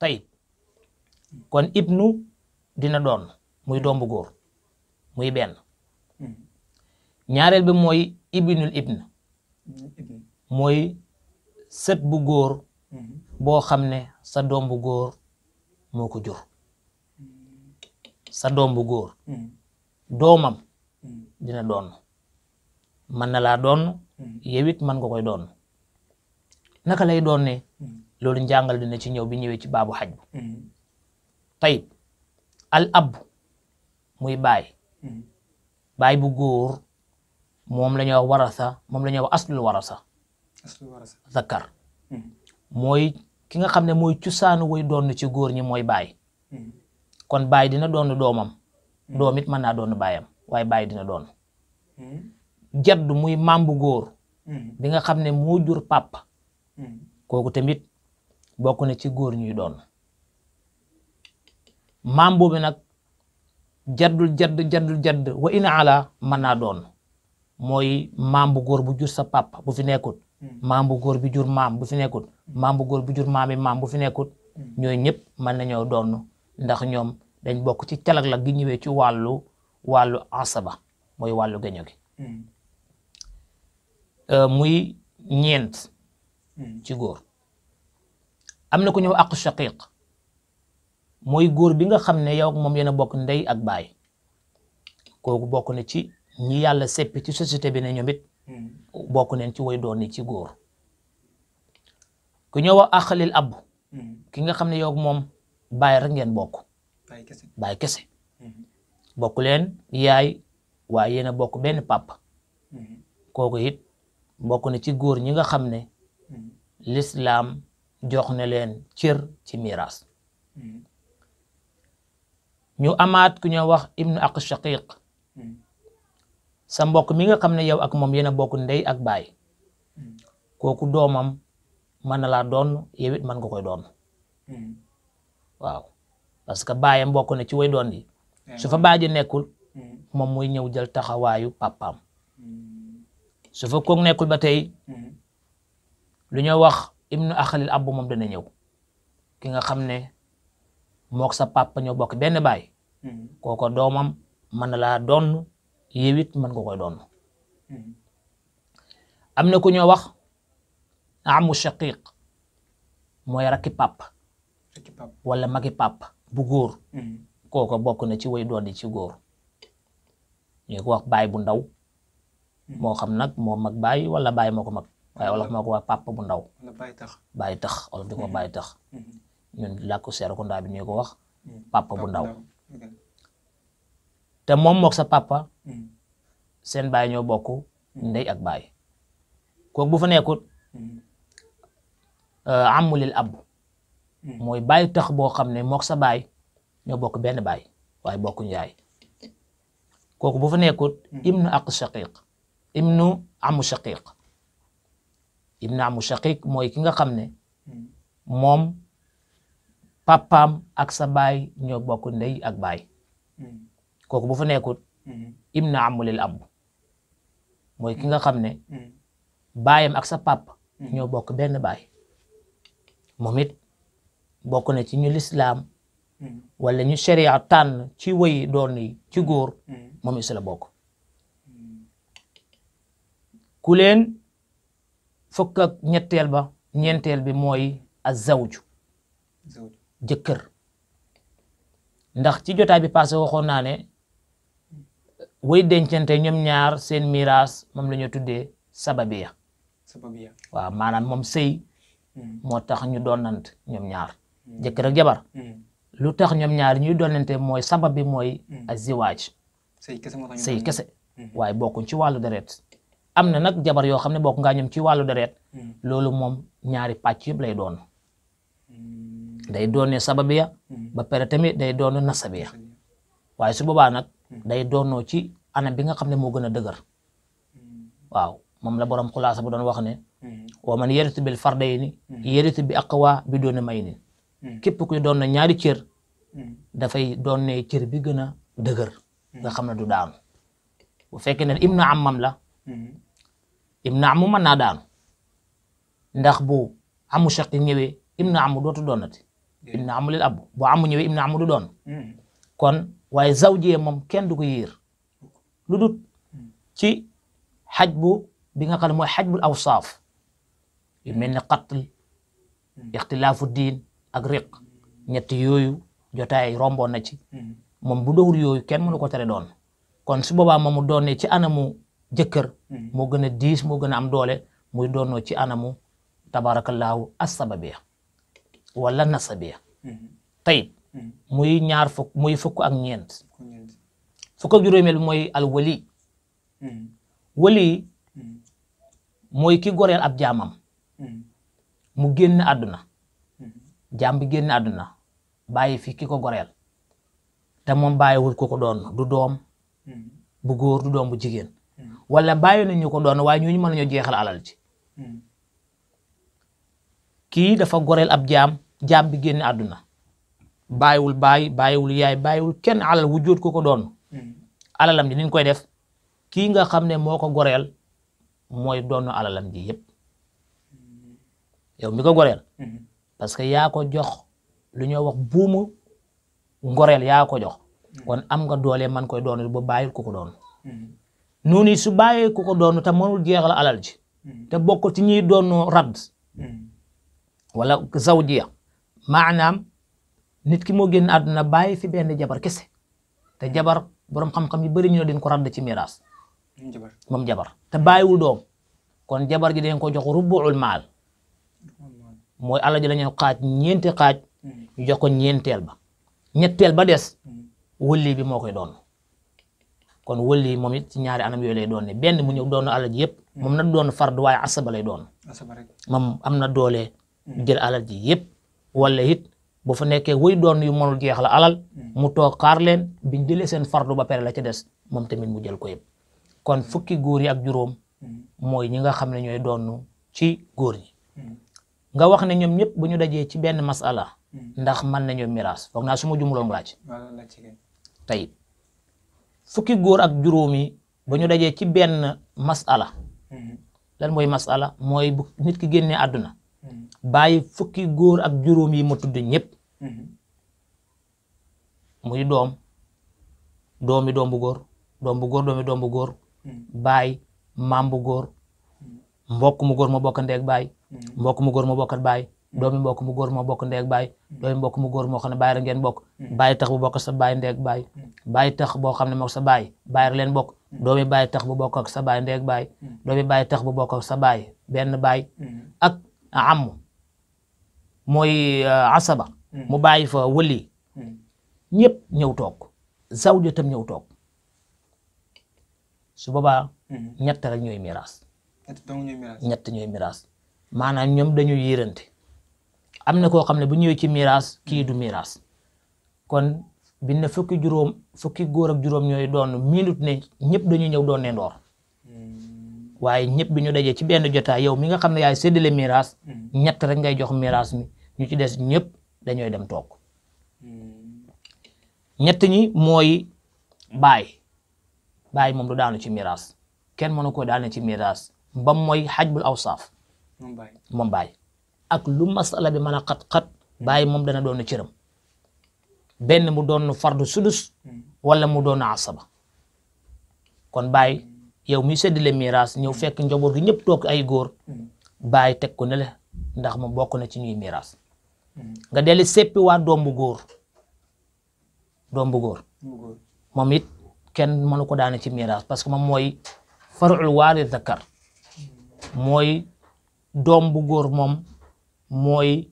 tayib kon ibnu dina doon muy hmm. doom bu góor muy benn hmm. ñaareel bi mooy ibnul ibn mooy sët bu góor hmm. boo xam ne sa doom bu góor moo ko jur sa doom bu góor doomam dina doon mën na laa doon yewit man nga koy doon naka lay doon ne loolu njàngal dina ci ñëw bi ñëwee ci baabu xaj bu mm-hmm. tayib al ab muy baay mm-hmm. baay bu góor moom la ñuy wax warasa moom la ñuy wax aslul warasa zakar mm-hmm. mooy ki nga xam ne mooy cusaanu way doon ci góor ñi mooy baay kon baay dina doon doomam doom it mën naa doon baayam waaye baay dina doon jadd muy maam bu góor bi nga xam ne moo jur pàpp kooku tamit bokk na ci góor ñuy doon maam boobu nag jaddul jadd jaddul jadd wa in ala mën naa doon mooy maam bu góor bu jur sa papa bu fi nekkut hmm. maam bu góor bi jur maam bu fi nekkut hmm. maam bu góor bu jur maami maam bu fi nekkut hmm. ñooy ñëpp mën nañoo doon ndax ñoom dañ bokk ci calag la gi ñëwee ci wàllu wàllu asaba mooy wàllu gaño gi euh, muy ñeent ci góor am na ku ñëw aqu shaqiq mooy góor bi nga xam ne yow moom yéen a bokk ndey ak baay kooku bokk na ci ñi yàlla seppi ci société bi ne ñoom it mm. bokk nañ ci way doon ci góor ku ñëw ak axalil ab mm. ki nga xam ne yow moom baay rek ngeen bokk baay kese mm-hmm. bokk leen yaay waaye yéen bokk benn pàpp mm-hmm. kooku it bokk na ci góor ñi nga xam ne mm. lislam jox ne leen cër ci miiras hmm. ñu amaat ku ñoo wax ibnu ak shaqiq hmm. sa mbokk mi nga xam ne yow ak moom yéen a bokk ndey ak baay hmm. kooku doomam mën na laa doon yow it mën nga koy doon waaw parce que baayam bokk na ci woy doon yi eh. su fa baaji nekkul moom muy ñëw jël taxawaayu papaam su fa koog nekkul ba tey lu ñoo wax ibnu axalil abbu moom dana ñëw ki nga xam ne mook sa papa ñoo bokk benn baay mm-hmm. kooko doomam mën na laa doon yow it mën nga doon mm-hmm. am na ku ñoo wax amul shaqiq mooy rakki pap wala magi pàpp bu góor mm-hmm. kooko bokk na ci way doon di ci góor ñu ko wax baay bu ndaw moo xam nag moo mag baay wala baay moo ko mag waaye olof mook ko wax bu ndaw. bàyyi tax bàyyi tax olof di ko bàyyi tax. ñun làkku Serekunda bi ñu ko wax. papa bu ndaw. te moom mook sa papa. Mm-hmm. seen baay ñoo bokk. Mm-hmm. ndey ak baay. kooku bu fa nekkut. Mm-hmm. Euh, amulil ab. mooy bàyyi tax boo xam ne mook sa baay ñoo bokk benn baay waaye bokkuñu yaay. kooku bu fa nekkut. ibnu ak shaqiq ibnu amu shaqiq ibn amu shaqiq mooy ki nga xam ne hmm. moom papaam ak sa baay ño bokk ndey ak baay hmm. kooku bu fa nekkut hmm. ibn amu lil ab mooy ki nga xam ne baayam ak sa pap ñoo bokk benn baay moom it bokk na ci ñu lislaam wala ñu sharia tànn ci wëy doon ci góor moom it si la bokk fukk ñetteel ba ñeenteel bi mooy azawju jëkkër ndax ci jotaay bi passé waxoon naa ne way dencante ñoom ñaar seen miraas moom la ñu tuddee sababiya waaw maanaan moom sëy hmm. moo tax ñu doonant ñoom ñaar hmm. jëkkër ak jabar hmm. lu tax ñoom ñaar ñuy doonante mooy sabab bi mooy aziwaaj sëy kese waaye bokkuñ ci wàllu deret am na nag jabar yoo xam ne bokk ngaa ñoom ci wàllu deret hmm. loolu moom ñaari pàcc yëpp lay doon hmm. day doonee sababiya hmm. ba pare tamit day doon nasabiya waaye su boobaa nag day doonoo ci anam bi nga xam ne moo gën a dëgër waaw moom la borom xulaasa bu doon wax ne wa man yaritu bi aqwa bi doon may ni képp kuy doon na ñaari cër dafay doon ne cër bi gën a dëgër nga xam na du daanu bu fekkee ne ibnu amam la Mm-hmm. ibnu amu mën naa daanu ndax bu amu shaqi ñëwee ibnu amu dootu doonati ibnu amu lil abu bu amu ñëwee ibnu amu du doon mm-hmm. kon waaye zawjee moom kenn du ko yéer lu dut mm-hmm. ci xaj bu bi nga xam ne mooy xaj bul awsaaf yu mel ni qatl ixtilaafu diin ak riq ñett yooyu jotaay romboon na ci moom bu dowul yooyu kenn mënu ko tere doon kon su boobaa moomu doonee ci anamu jëkkër hmm. moo gën a diis moo gën a am doole muy doonoo ci anamu tabaarakallaahu asababiya walla nasabiya hmm. tayib hmm. muy ñaar fukk muy fukk ak ñeent fukk ak juróomeel bi mooy al wali wali mooy ki goreel ab jaamam mu génn àdduna jaam bi génn àdduna bàyyi fi ki goreel te moom bàyyiwul ko ko doon du doom bu góor du doom bu jigéen wala bàyyi nañ ñu ko doon waaye ñooñu mën nañoo jeexal alal ji hmm. kii dafa goreel ab jaam jaam bi génn àdduna bàyyiwul baay bàyyiwul yaay bàyyiwul kenn alal wujjoot ko ko doon hmm. alalam ji niñ koy def kii nga xam ne moo ko goreel mooy doon alalam ji yépp yow mi ko goreel hmm. parce que yaa ko jox lu ñoo wax buumu ngoreel yaa ko jox kon am nga doole man koy doon ba bàyyil ko ko doon Nuni su baye ku ko doon te mënul jeexal alal ji hmm. te bokk ci ñi doon rad hmm. wala zawjiya maanaam nit ki mo genn aduna baye fi benn jabar kese te jabar borom xam-xam yi bari ñu ne dañ ko rad ci jabar mom jabar te bàyyiwul doom kon jabar gi dañ ko jox rubuul mal moy alal ji lañu xaj ñeenti xaj hmm. ñu jox ko ñentel ba ñettel ba dess wulli bi mo koy kon wëlli moom ci ñaari anam yoy lay doon ne benn mu ñu doon alal yépp mom hmm. na doon fard way asaba lay doon rek am amna doole hmm. jël alal ji yépp wala hit bu fa nekké way doon yu mënul jeex la alal hmm. mu toog xaar leen biñ jëlee fardu ba pare la ci dess mom tamit mu jël ko yépp kon fukki goor yi ak juroom moy ñi nga xam ñoy ñooy doon ci goor yi nga wax ne ñom ñëpp bu ñu dajee ci benn masala ndax man nañu mirage foog na suma ma jumuloon tayib fukki góor ak juróomi ba ñu dajee ci benn masala mhm. lal mooy masala mooy bu nit ki génnee àdduna mhm. bàyyi fukki góor ak juróom yi tudd ñëpp mhm. muy doom doomi doom bu góor doom bu góor doomi doom bu góor baay maam bu góor mbokk mu bokk ndeeg baay mbokk mu góor ma bokkat baay doomi mbokk mu góor moo bokk ndeeg baay doomi mbokk mu góor moo xam ne baay la ngeen bokk baay tax bu bokk sa baay ndeeg baay baay tax boo xam ne mook sa baay baay leen bokk doomi baay tax bu bokk ak sa baay ndeeg baay doomi baay tax bu bokk sa baay benn baay ak am mooy euh, asaba mu bàyyi fa wëli ñëpp ñëw toog zawja tam ñëw toog su boobaa ñett rek ñooy miraas ñett ñooy miraas maanaam ñoom dañuy yérante am na koo xam ne bu ñëwee ci miraas kii du miraas kon bi na fukki juróom fukki góor ak juróom ñooy doon minute ne ñëpp dañuy ñëw doon ne ndoor waaye ñëpp bi ñu dajee ci benn jotaay yow mi nga xam ne yaay séddale miraas ñett rek ngay jox miraas mi ñu ci des ñëpp dañooy dem toog ñett ñi mooy baay baay moom du daanu ci miraas kenn mënu ko daane ci miraas mbam mooy xajbul awsaaf moom baay ak lu masala bi mën a xat-xat bàyyi moom dana doon cëram benn mu doon fardu sudus wala mu doon asaba kon bàyyi yow muy séddale miraas ñëw fekk njaboot gi ñëpp toog ay góor bàyyi teg ku ne la ndax mu bokk na ci ñuy miraas nga delli seppi waa doom bu góor doom bu góor moom it kenn mënu ko daane ci miraas parce que moom mooy farul waari zakar mooy doom bu góor moom mooy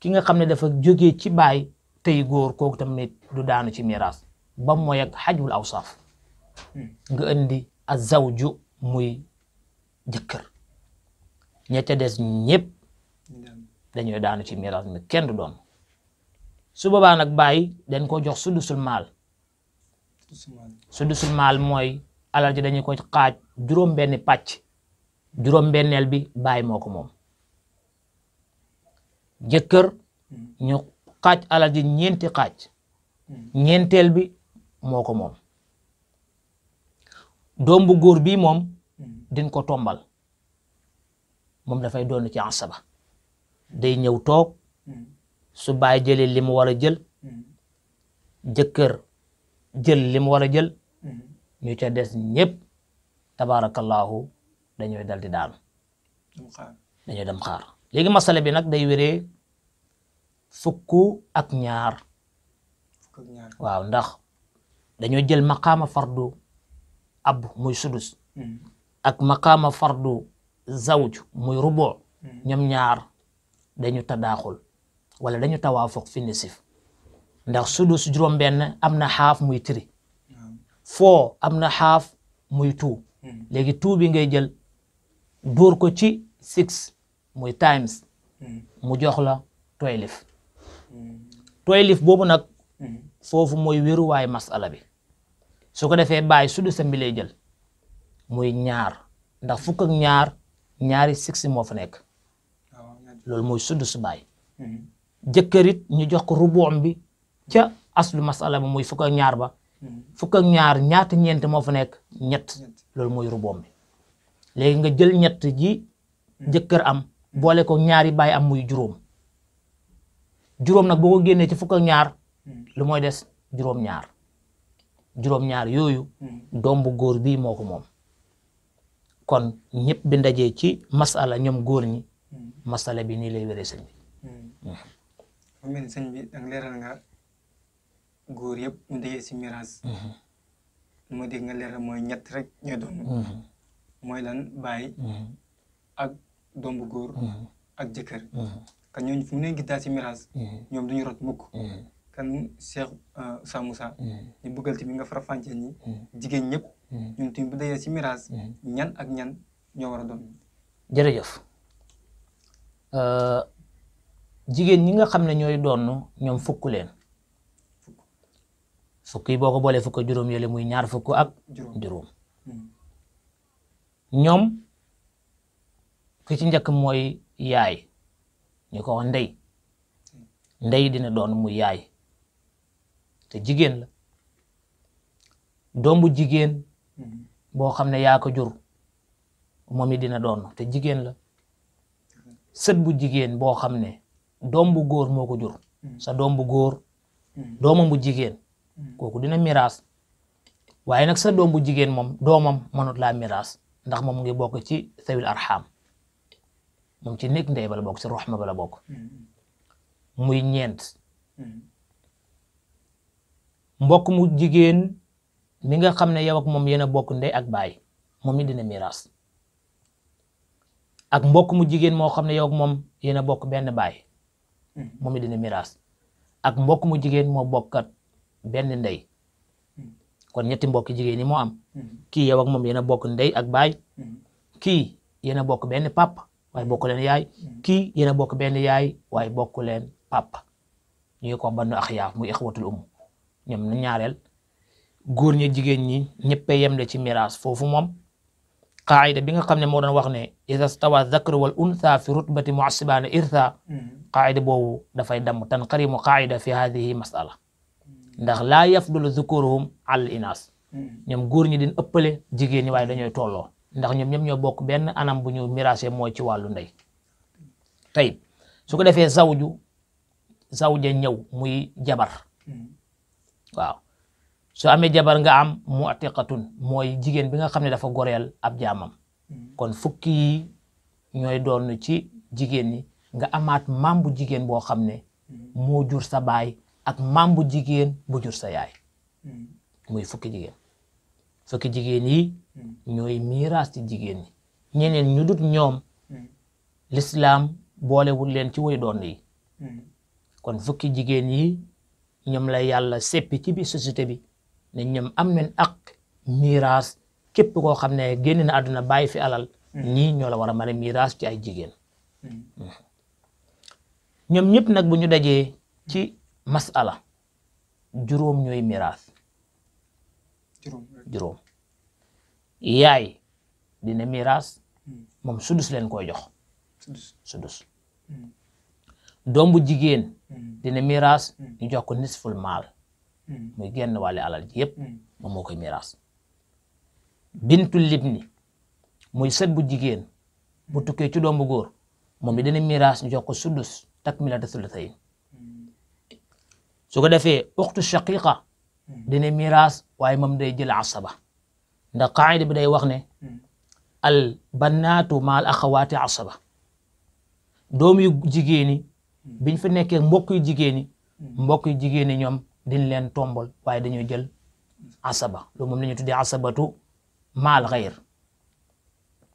ki nga xam ne dafa jógee ci baay tey góor kooku tamit du daanu ci miraas ba mooy ak xajul awsaaf nga indi azawju muy jëkkër ña ca des ñëpp dañooy daanu ci miraas mi kenn du doon su boobaa nag baay dañ ko jox sudusul maal sudusul maal mooy alal ji dañu ko xaaj juróom-benni pàcc juróom-benneel bi baay moo ko moom jëkkër hmm. ñu xaaj alal ji ñeenti xaaj hmm. ñeenteel bi moo ko moom doom bu góor bii moom hmm. din ko tombal moom dafay doon ci asaba day ñëw toog su baay jëlee li war a jël jëkkër jël li mu war a jël ñu ca des ñëpp tabaarakallaahu dañuy dal di daanu dañuy dem xaar léegi masala bi nag day wéree fukk ak ñaar waw ndax dañoo jël maqaama fardu ab muy sudus hmm. ak maqaama fardu zawj muy rubu hmm. ñoom ñaar dañu tadaaxul wala dañu tawaafuq fi nisif ndax sudus juróom-benn am na xaaf muy tiri foo am na xaaf muy two hmm. léegi two bi ngay jël dóor ko ci six muy Times. Hmm. mu jox la toylif. Hmm. toylif boobu nag. Hmm. foofu mooy wéruwaay masala bi. su ko defee bàyyi su du sa lay jël. muy ñaar ndax fukk ak ñaar ñaari six moo fa nekk. Ah, loolu mooy sudd subaay baay jëkkër it ñu jox ko rubuum bi ca aslu masala mooy muy fukk ak ñaar ba fukk ak ñaar ñaata ñeent moo fa nekk ñett loolu mooy rubuum bi léegi nga jël ñett ji jëkkër am boole ko ñaari baay am muy juróom juróom nag boo ko génnee ci fukk ak ñaar lu mooy des juróom-ñaar juróom-ñaar yooyu doom bu góor bii moo ko moom kon ñëpp bi ndajee ci masala ñoom góor ñi masala bi nii lay wéree sëñ bi xam nga ni bi danga leeral nga góor yëpp ñu dajee si miraas lu dégg nga leeral mooy ñett rek ñooy doon mhm. mooy lan bàyyi dombu bu ak jëkkër kan ñoo fu mu ne gis daal si miraas ñoom duñu rot mukk kan Cheikh euh, Sa Moussa ni bëggal bi nga fanté ni jigeen ñëpp ñun tamit bu dajee ci miraas ñan ak ñan ñoo war jere doon euh jigeen ñi nga xamne ñoy doon ñoom fukk leen fukk yi boko bolé boolee fukk juróom muy ñaar fukk ak juroom ñoom ki ci njëkk mooy yaay ñu ko ndey ndey dina doon mu yaay te jigéen la doom bu jigéen boo xam ne yaa ko jur moom it dina doon te jigéen la sët bu jigéen boo xam ne doom bu góor moo ko jur sa doom bu góor doomam bu jigéen kooku dina miraas waaye nag sa doom bu jigéen moom doomam mënut laa miraas ndax moom mu ngi bokk ci sawil arxam moom ci nekk ndey bala bokk ci roxma bala bokk mm-hmm. muy ñeent mm-hmm. mbokk mu jigéen mi nga xam ne yow moom yéen a bokk ndey ak baay moom it dina miraas ak mbokk mu jigéen moo xam ne yow moom yéen a bokk benn baay mm-hmm. moom it dina miraas ak mbokk mu jigéen moo bokkat benn ndey kon ñetti mbokk jigéen ñi moo am kii yow moom yéen a bokk ndey ak baay kii yéen a bokk benn papa waaye bokk leen yaay mm. kii yéen a bokk benn yaay waaye bokk leen papa ñu ngi ko bannu axyaaf muy ixwatul umm ñoom na ñaareel góor ñi jigéen ñi ñëpp yemle ci miraas foofu moom qaayida bi nga xam ne moo doon wax ne ida stawa zakru wal untha fi rutbati muasibaana irtha mm. qaayida boobu dafay damm tanqarimu qaayida fi hadihi masala mm. ndax laa yafdulu zukuruhum al inaas ñoom góor ñi din ëppale jigéen ñi waaye dañooy tolloo ndax ñoom ñoom ñoo bokk benn anam bu ñu miraase mooy ci wàllu ndey tey su ko defee zawju zawja ñëw muy jabar waaw soo amee jabar nga am mu'tiqatun mooy jigéen bi nga xam ne dafa goreel ab jaamam kon fukki yi ñooy doon ci jigéen ñi nga amaat maam bu jigéen boo xam ne moo jur sa baay ak maam bu jigéen bu jur sa yaay muy fukki jigéen fekk jigéen yi hmm. ñooy miiras ci jigéen ñi ñeneen ñu dut ñoom hmm. lislaam boolewul leen ci way doon yi hmm. kon fukki jigéen yi ñoom la yàlla seppi ci biir société bi ne ñoom am nañ ak miiras képp koo xam ne génn na àdduna bàyyi fi alal ñii ñoo la war a mën a miiras ci ay jigéen ñoom ñëpp nag bu ñu dajee ci masala juróom ñooy miiras juróom yaay dina miraas hmm. moom sudus leen koy jox sudus hmm. doom bu jigéen hmm. dina miraas ñu jox ko nisful maal muy génn wàlle alal ji yépp moom miraas bintu libni muy sët bu jigéen bu tukkee ci doom bu góor moom it dina miraas ñu jox ko sudus takmilata sulatayn su ko defee uxtu shaqiqa dina miraas waaye moom day jël asaba ndax qaayida bi day wax ne al bannaatu maal axawaati asaba doom yu jigéen ñi biñ fi nekkee mbokk yu jigéen ñi mbokk yu jigéen ñi ñoom diñ leen tombal waaye dañoo jël asaba loolu moom la ñuy tuddee asabatu maal xayr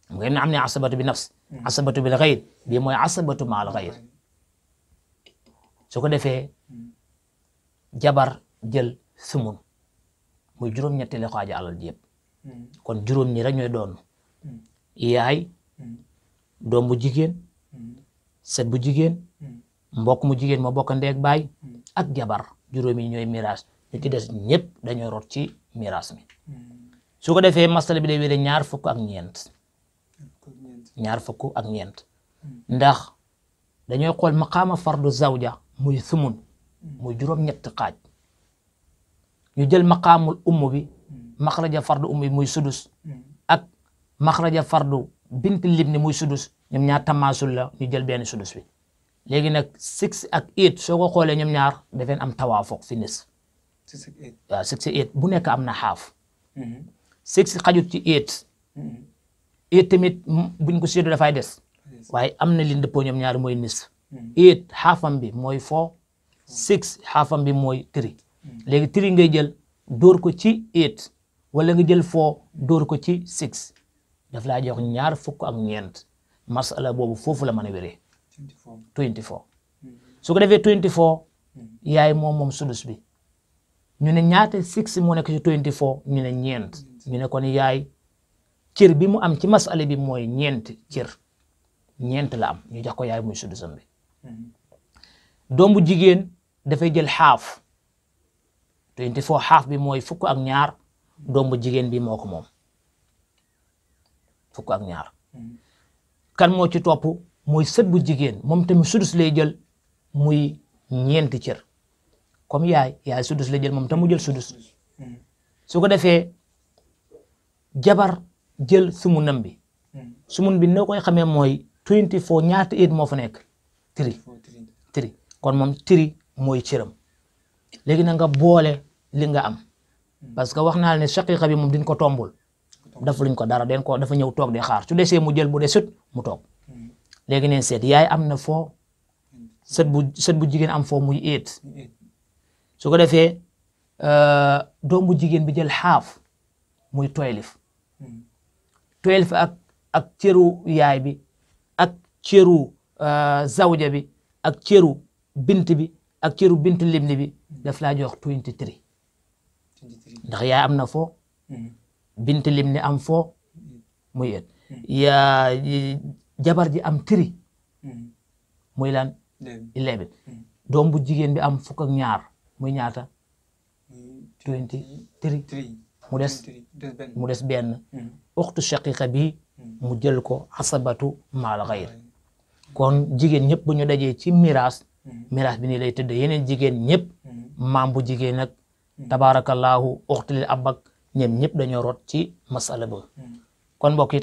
mu ngeen am ne asabatu bi nafs asabatu bil xayr bii mooy asabatu maal xayr su ko defee jabar jël sumun muy juróom-ñetteelu xaaja alal ji yëpp hmm. kon juróom ñi rek ñooy doon hmm. yaay hmm. doom bu jigéen set bu jigéen mbokk mu jigéen ma bokk baay ak jabar juróomi ñooy miraas ci des ñëpp dañooy rot ci miraas mi su ko defee masala bi day wéere ñaar fukk ak ñeent ñaar fukk ñeent ndax dañooy xool maqaama fardu zawja muy sumun muy juróom-ñett ñu jël maqaamul ummu bi hmm. maxraja fardu ummu bi muy sudus hmm. ak maxraja fardu bint libni muy sudus ñoom ñaar tamaasul la ñu jël benn sudus bi léegi nag six ak eight soo ko xoolee ñu ñaar dafeen am tawaafoq fi nis bu nekk am na xaaf hmm. six xajut ci eight eight tamit buñ ko séedu dafay des waaye am na li dëppoo ñoom ñaar mooy nis eight xaafam bi mooy four six xaafam bi mooy three léegi three ngay jël dóor ko ci eight wala nga jël four dóor ko ci six daf laa jox ñaar fukk ak ñeent masala boobu foofu la mën a wéree. twenty four su ko defee twenty four yaay moom moom sudus bi ñu ne ñaata six moo nekk ci twenty four ñu ne ñeent ñu ne kon yaay cër bi mu am ci masala bi mooy ñeent cër ñeent la am ñu jox ko yaay muy sudusam bi mm-hmm. doom bu jigéen dafay jël xaaf twenty four xaaf bi mooy fukk ak ñaar doom bu jigéen bi moo ko moom fukk ak ñaar kan moo ci topp mooy sët bu jigéen moom tamit sudus lay jël muy ñeenti cër comme yaay ya sudus lay jël moom tam mu jël sudus su ko defee jabar jël sumunam bi sumun bi noo koy xamee mooy twenty four ñaata it moo fa nekk tiri tiri kon moom tiri mooy cëram léegi na nga boole li nga am parce que wax naa ne shaqiqa bi moom duñ ko tombul dafa luñ ko dara den ko dafa ñëw toog di xaar su desee mu jël bu de desut mu toog léegi ne seet yaay am na foo sët bu sët bu jigéen am foo muy éet su ko defee euh, doom bu jigéen bi jël xaaf muy toylif toylif ak ak cëru yaay bi ak cëru euh, zawja bi ak cëru bint bi ak cëru bint limni bi daf laa jox twenty three ndax yaa am na foo hmm. bint limni am foo hmm. muy et hmm. yaa jabar ji am tiri muy lan eleven bu jigéen bi am fukk ak ñaar muy ñaata twenty mu des mu des benn uxtu shaqiqa bi mu jël ko asabatu maal xayr kon jigéen ñëpp bu ñu dajee ci miraas Mm-hmm. miraas bi nii lay tëdd yeneen jigéen ñëpp mm-hmm. maam bu jigéen ak mm-hmm. tabaarakallaahu uxtilil abak ñoom ñëpp dañoo rot ci masala ba kon mbokk yi